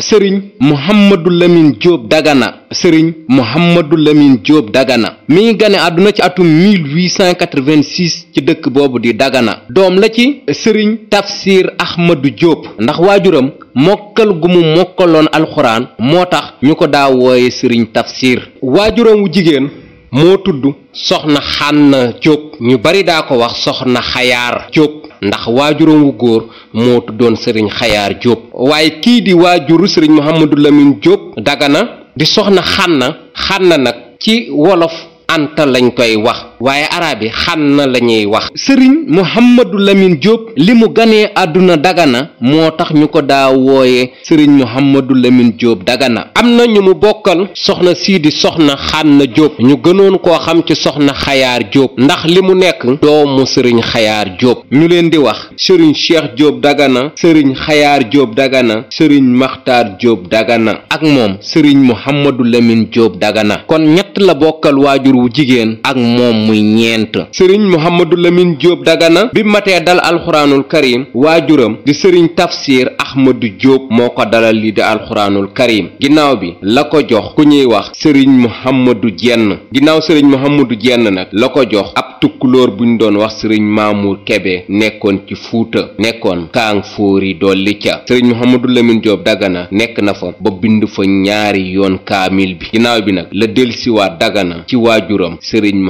sëriñ Mouhamadou Lamine Diop Dagana sëriñ Mouhamadou Lamine Diop Dagana mi ngi gane àdduna ci atum 1886 ci dëkk boobu di Dagana doom la ci sëriñ Tafsir Ahmadou Diop ndax waajuram mokkal gu mu mokkaloon alxuraan moo tax ñu ko daa wooye sëriñ Tafsir waajuram wu jigéen moo tudd soxna na Diop ñu bari daa ko wax soxna xayaar Diop ndax waajuram wu góor moo tuddoon sëriñ xayaar Diop waaye kii di waajuru sëriñ Mouhamadou Lamine Diop Dagana di soxna xan xànna xànna nag ci wolof anta lañ koy wax waaye arab yi xam na la ñuy wax sëriñ Mouhamadou Lamine jóob li mu ganee àdduna dagana moo tax ñu ko daaw wooye sëriñ Mouhamadou Lamine jóob dagana am na ñu mu bokkal soxna sii di soxna xam na jóob ñu gënoon koo xam ci soxna xayaar jóob ndax li mu nekk doomu sëriñ xayaar Diop ñu leen di wax sëriñ Cheikh Diop dagana sëriñ xayaar jóob dagana sëriñ Makhtar Diop dagana ak moom sëriñ Mouhamadou Lamine Diop dagana kon ñett la bokkal waajur wu jigéen ak moom muy ñeent sëriñ Mouhamadou Lamine Diop Dagana bi matee dal alxuraanul karim waajuram di sëriñ tafsir Ahmadou jóob moo ko dalal lii di alxuraanul karim ginnaaw bi la ko jox ku ñuy wax sëriñ Mouhamadou Jenn ginnaaw sëriñ Mouhamadou Jenn nag la ko jox ab bu ñu doon wax sëriñ Mamour Kébé nekkoon ci Fuuta nekkoon kaang fóori dolli ca sëriñ Mouhamadou lemin Diop Dagana nekk na fa ba bind fa ñaari yoon kaamil bi ginnaaw bi nag la dellusiwaat Dagana ci waajuram sëriñ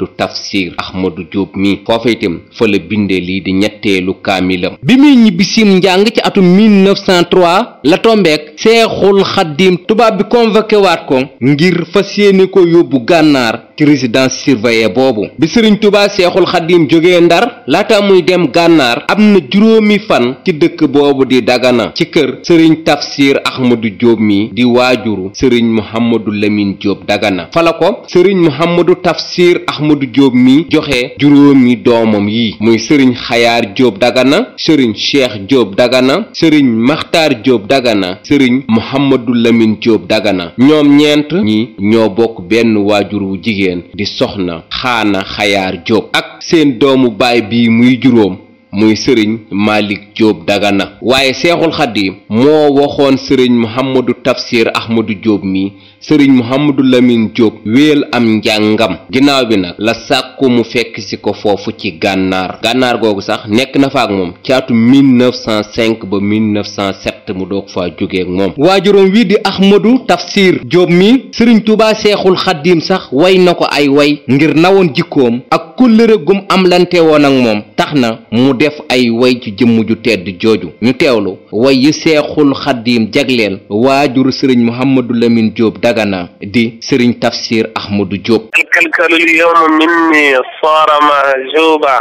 Ahmadou Tafsir Ahmadou Diop mi foofa itam fa la bindee lii di ñetteelu kaamilam bi muy ñibbi sim njàng ci atum 1903 la tombeek seexul xaddim tubaab bi convoqué waat ko ngir fas yéene ko yóbbu gànnaar ci résidence surveillée boobu bi sëriñ tubaa seexul xaddiim jógee ndar laata muy dem gànnaar am na juróomi fan ci dëkk boobu di dagana ci kër sëriñ tafsir ahmadu jóob mi di waajuru sëriñ muhammadu lamin jóob dagana fala ko sëriñ muhammadu tafsir ahmadu jóob mi joxe juróomi doomam yi muy sëriñ xayaar jóob dagana sëriñ cheikh jóob dagana sëriñ maxtaar jóob dagana sëriñ muhammadu lamin jóob daggana ñoom ñeent ñi ñoo bokk benn waajuru jigéen jigéen di soxna xaana xayaar jóob ak seen doomu baay bi muy juróom muy sëriñ Malick Diop Dagana waaye seexul xaddiim moo waxoon sëriñ Mouhamadou Tafsir Ahmadou Diop mi sëriñ Mouhamadou Lamine Diop wéel am njàngam ginnaaw bi nag la sàkku mu fekk si ko foofu ci gànnaar gànnaar googu sax nekk na fa ak moom caatu ba gàtt mu doog faa jógeek moom waajuróom wi di ahmadu tafsir jóob mi sëriñ tuubaa seexul xaddiim sax way na ko ay way ngir nawoon jikkoom ak kóllëre gum am lante woon ak moom tax na mu def ay way ci jëmm ju tedd jooju ñu teewlu way yi seexul xaddiim jagleel waajur sëriñ muhammadu lamin jóob dagana di sëriñ tafsir ahmadu jóob kalkalul yawma minni saara mahjuba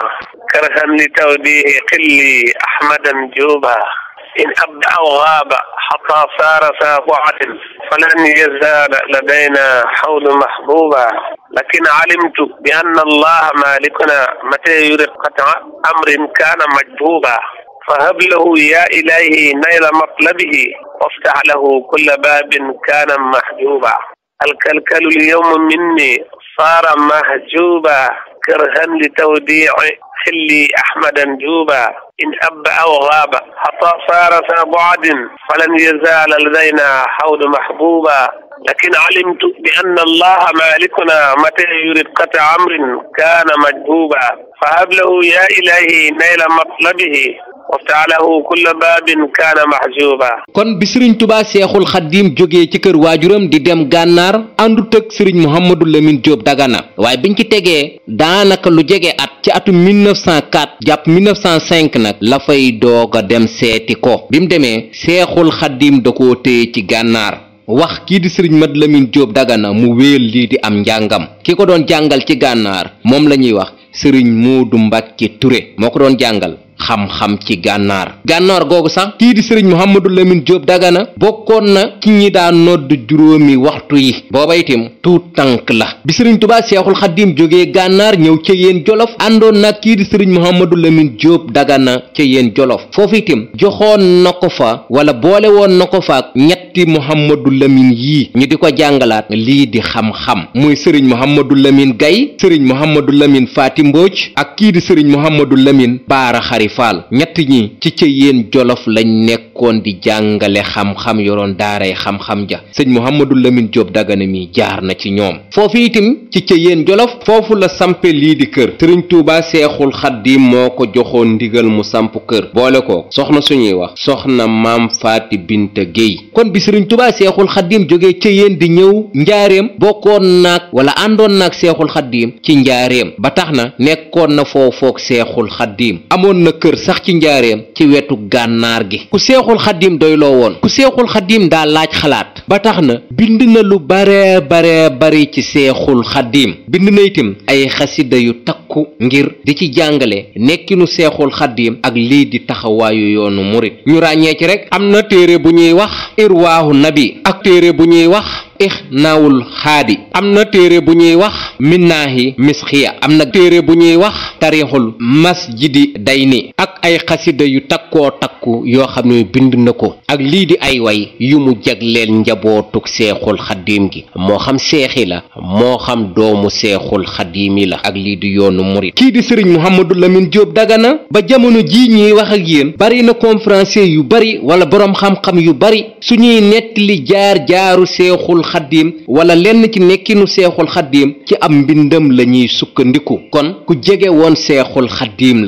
karhan li tawdihi xilli ahmadan jóoba إن أبدع غاب حتى صار ساقعة فلن يزال لدينا حول محبوبا لكن علمت بأن الله مالكنا متى يريد قطع أمر كان مجهوبا فهب له يا إلهي نيل مطلبه وافتح له كل باب كان محجوبا الكلكل اليوم مني صار محجوبا كرها لتوديع خلي أحمدا جوبا إن أب أو غاب حتى صار في بعد فلن يزال لدينا حوض محبوبا لكن علمت بأن الله مالكنا متى يريد قطع أمر كان مجبوبا فهب له يا إلهي نيل مطلبه waftaalahu kulla kon bi sëriñ tubaa seexul xaddiim jóge ci kër waajuram di dem gànnaar àndut ak sëriñ Mouhamadou Lamine jóob Dagana waaye biñ ci tegee daanaka lu jege at ci atum 1904 jàpp 1905 nag la fay doog a dem seeti ko bi mu demee seexul xaddiim da koo téye ci gànnaar wax kii di sëriñ Mad lemin jóob Dagana mu wéel lii di am njàngam ki ko doon jàngal ci gànnaar moom la ñuy wax sëriñ du Mbàkke Ture moo ko doon jàngal xam-xam ci gànnaar gànnaar googu sax kii di sëriñ Mouhamadou Lamine jóob Dagana bokkoon na ci ñi daan nodd juróomi waxtu yi booba itam tuut tànk la bi sëriñ Tuubaa Seexul Xaddiim jógee gànnaar ñëw ca yéen jolof àndoon nag kii di sëriñ Mouhamadou Lamine jóob Dagana ca yéen jolof foofu itam joxoon na ko fa wala boole woon na ko fa faak ñetti Mouhamadou Lamine yii ñu di ko jàngalaat lii di xam-xam muy sëriñ Mouhamadou Lamine Gaye sëriñ Mouhamadou Lamine Faati Mbooj ak kii di sëriñ Mouhamadou Lamine Baara Xari Faal ñett ñi ci ca yéen jolof lañ nekk nekkoon di jàngale xam-xam yoroon daaray xam-xam ja sëñ Mouhamadou Lamine Diop Dagana mi jaar na ci ñoom foofu itam ci ca yéen jolof foofu la sampe lii di kër sëriñ Touba Seexul Xaddim moo ko joxoon ndigal mu samp kër boole ko soxna suñuy wax soxna maam Faati Binta Guèye kon bi sëriñ Touba Seexul Xaddim jóge ca yéen di ñëw njaareem bokkoon naag wala àndoon nag Seexul Xaddim ci njaareem ba tax na nekkoon na foofoog Seexul Xaddim amoon na kër sax ci njaareem ci wetu gànnaar seexul xaddiim doyloo woon ku seexul xaddiim daa laaj xalaat ba tax na bind na lu bare bare bari ci seexul xaddiim bind na itam ay xasida yu takku ngir di ci jàngale nekkinu seexul xaddiim ak lii di taxawaayu yoonu murit ñu ràññee ci rek am na téere bu ñuy wax irwaahu nabi ak téere bu ñuy wax ixnaawul xaadi am na téere bu ñuy wax minnaahi misxiya am na téere bu ñuy wax tarixul masjidi dayni ay xasida yu takkoo takku yoo xam ne bind na ko ak lii di ay way yu mu jagleel njabootug seexul xaddiim gi moo xam seexi la moo xam doomu seexul xaddiimi la ak lii di yoonu murit kii di sëriñ Mouhamadou Lamine Diop Dagana ba jamono jii ñuy wax ak yéen bari na conférencier yu bari wala boroom xam-xam yu bari suñuy nettali jaar-jaaru seexul xaddiim wala lenn ci nekkinu seexul xaddiim ci am mbindam lañuy sukkandiku kon ku jege woon seexul xaddiim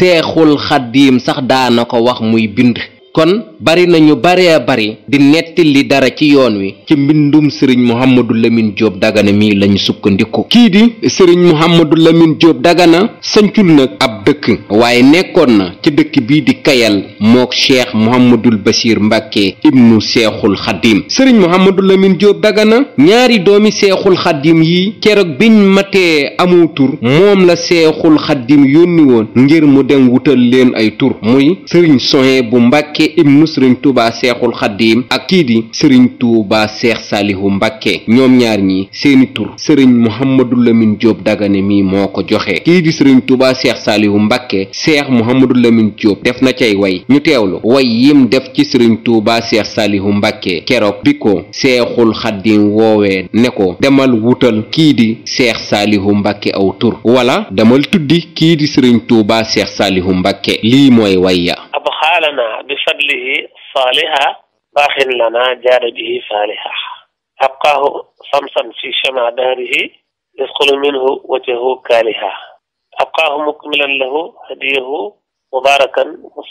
seexul xaddiim sax daana ko wax muy bind kon bari nañu baree bari di netti li dara ci yoon wi ci mbindum sëriñ Mouhamadou Lamine Diop Dagana mii lañu sukkandiku kii di sëriñ Mouhamadou Lamine Diop Dagana sancul nag ab dëkk waaye nekkoon na ci dëkk bii di Kayal mook cheikh Mouhamadul Bachir Mbacke ibnu seexul xadim sëriñ Mouhamadou Lamine Diop Dagana ñaari doomi seexul xadim yi ceroog biñ matee amu tur moom la seexul xadim yónni woon ngir mu dem wutal leen ay tur muy sëriñ Sohaybu Mbacke ibnu sëriñ tuuba seexul xaddiim ak kii di sëriñ tuuba seex saalihu mbàkke ñoom ñaar ñi seeni tur sëriñ muhammadu lamin jóob dagane mi moo ko joxe kii di sëriñ tuuba seex saalihu mbàkke seex muhammadu lamin jóob def na cay way ñu teewlu way yim def ci sëriñ tuuba seex saalihu mbàkke keroog bi ko seexul xaddiim woowee ne ko demal wutal kii di seex saalihu mbàkke aw tur wala demal tuddi kii di sëriñ tuuba seex saalihu mbàkke lii mooy way ya jaalana bi fadlihi saaliha baaxin lana jaada bihi saaliha abqaahu samsan fi chama dahrihi yasqulu minhu wajahu kaaliha abqaahu mukmilan lahu hadiyahu mubaarakan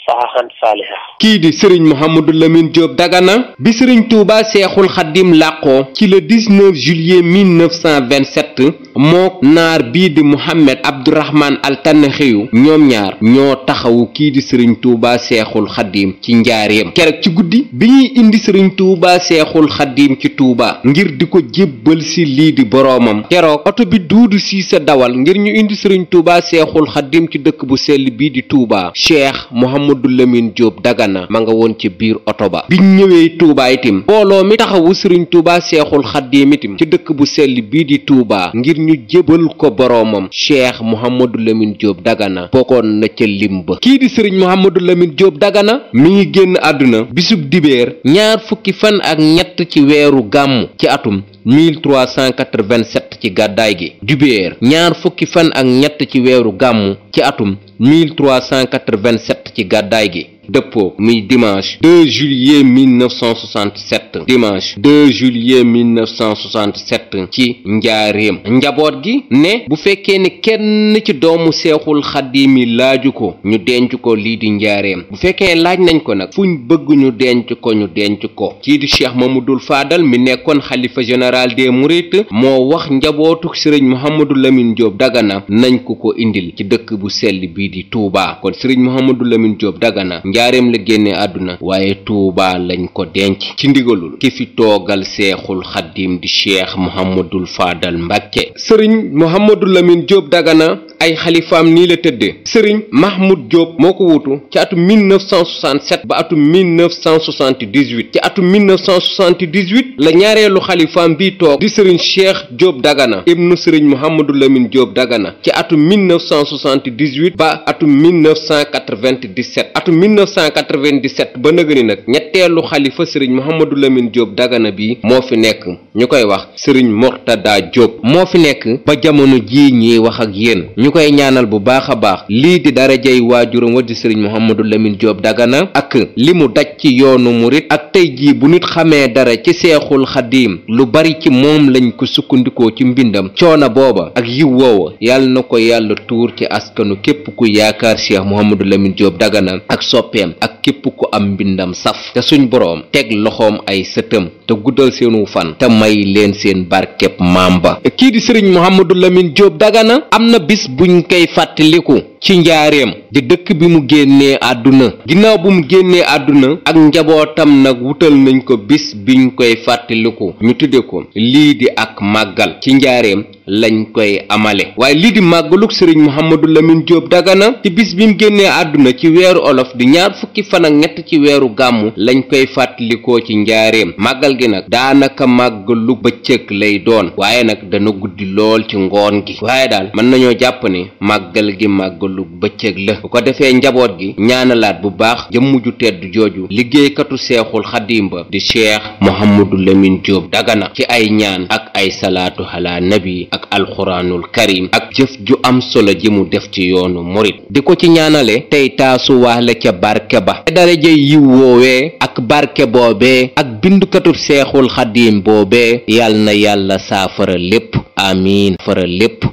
saxaxan saaliha kii di sëriñ Mouhamadou Lamine Diop Dagana bi sëriñ Touba Seexul Xaddim làqoo ci le 19 juillet 1927 mook naar bii di Mohammed Abdourahman Altannexiyu ñoom ñaar ñoo taxawu kii di sëriñ Touba Seexul Xaddim ci njaareem keroog ci guddi bi ñuy indi sëriñ Touba Seexul Xaddim ci tuuba ngir di ko jébbal si lii di boroomam keroog oto bi duudu sii sa dawal ngir ñu indi sëriñ Touba Seexul Xaddim ci dëkk bu sell bii di tuuba Touba Cheikh Mouhamadou Lamine Diop Dagana ma nga woon ca biir oto ba biñ ñëwee tuubaa itim mbooloo mi taxawu Serigne Touba Seexul Xaddiim itim ci dëkk bu sell bii di Touba ngir ñu jébal ko boroomam Cheikh Mouhamadou Lamine Diop Dagana bokkoon na ca lim ba kii di Serigne Mouhamadou lemin jóob Dagana mi ngi génn àdduna bisub dibeer ñaar fukki fan ak ñett ci weeru gàmm ci atum 1387 ci gàddaay gi jubéer ñaar fukki fan ak ñett ci weeru gàmmu ci atum 1387 ci gàddaay gi dëppoo muy dimanche 2 juillet 1967 dimanche 2 juillet 1967 ci njaareem njaboot gi ne bu fekkee ne kenn ci doomu seexul xaddiim yi laaju ko ñu denc ko lii di njaareem bu fekkee laaj nañ ko nag fu bëgg ñu denc ko ñu denc ko kii di cheikh mamadul faadal mi nekkoon xalifa général de mourides moo wax njabootu sëriñ Mouhamadou Lamine Diop Dagana nañ ko ko indil ci dëkk bu sell bii di Touba kon sëriñ Mouhamadou Lamine Diop Dagana njaareem la génne àdduna waaye tuubaa lañ ko denc ci ndigalul ki fi toogal seexul xaddim di cheikh mohamadul faadal mbàkke sëriñ mohamadu lamin jóob dagana ay xalifaam nii la tëddee sëriñ mahmoud jóob moo ko wuutu ci atum 1967 ba atum 1978 ci atum 1978 la ñaareelu xalifaam bi toog di sëriñ cheikh jóob dagana ibnu sëriñ mohamadu lamin jóob dagana ci atum 1978 ba atum 1997 atum 1997 ba nëgëni nag teelu xalifa sëriñ Mouhamadou Lamine Diop Dagana bi moo fi nekk ñu koy wax sëriñ Mourtada Diop moo fi nekk ba jamono jii ñuy wax ak yéen ñu koy ñaanal bu baax a baax lii di darajey waajuram wa di sëriñ Mouhamadou Lamine Diop Dagana ak li mu daj ci yoonu murit ak tey jii bu nit xamee dara ci seexul xadiim lu bari ci moom lañ ko sukkandikoo ci mbindam coono booba ak yiw woow yàlla na ko yàlla tuur ci askanu képp ku yaakaar Cheikh Mouhamadou Lamine Diop Dagana ak soppeem ak képp ku am mbindam saf te suñ boroom teg loxoom ay sëtëm te guddal seenu fan te may leen seen barkeb maam ba e kii di sëriñ Mouhamadou Lamine Diop Dagana am na bis ñu koy fàttaliku ci njaareem di dëkk bi mu génnee àdduna ginnaaw bu mu génnee àdduna ak njabootam nag wutal nañ ko bis biñ koy fàttaliku ñu tudde ko lii di ak màggal ci njaareem lañ koy amale waaye lii di màggalug sëriñ Mouhamadou Lamine Diop Dagana ci bis bi mu génnee àdduna ci weeru olof di ñaar fukki fan ak ñett ci weeru gàmmu lañ koy fàttalikoo ci njaareem màggal gi nag daanaka màggalu bëccëg lay doon waaye nag dana guddi lool ci ngoon gi waaye daal mën nañoo jàpp ni màggal gi màggalu bëccëg la bu ko defee njaboot gi ñaanalaat bu baax jëmm ju tedd jooju liggéeykatu seexul xadim ba di cheikh Mouhamadou Lamine Diop Dagana ci ay ñaan ak ay salaatu xalaat nabi alxuraanul karim ak jëf ju am solo ji mu def ci yoonu morit di ko ci ñaanale tey taasuwaale ca barke ba te daraje yiw woowee ak barke boobee ak bindukatu seexul xadiim boobee yal na yàlla saafara lépp amiin fara lépp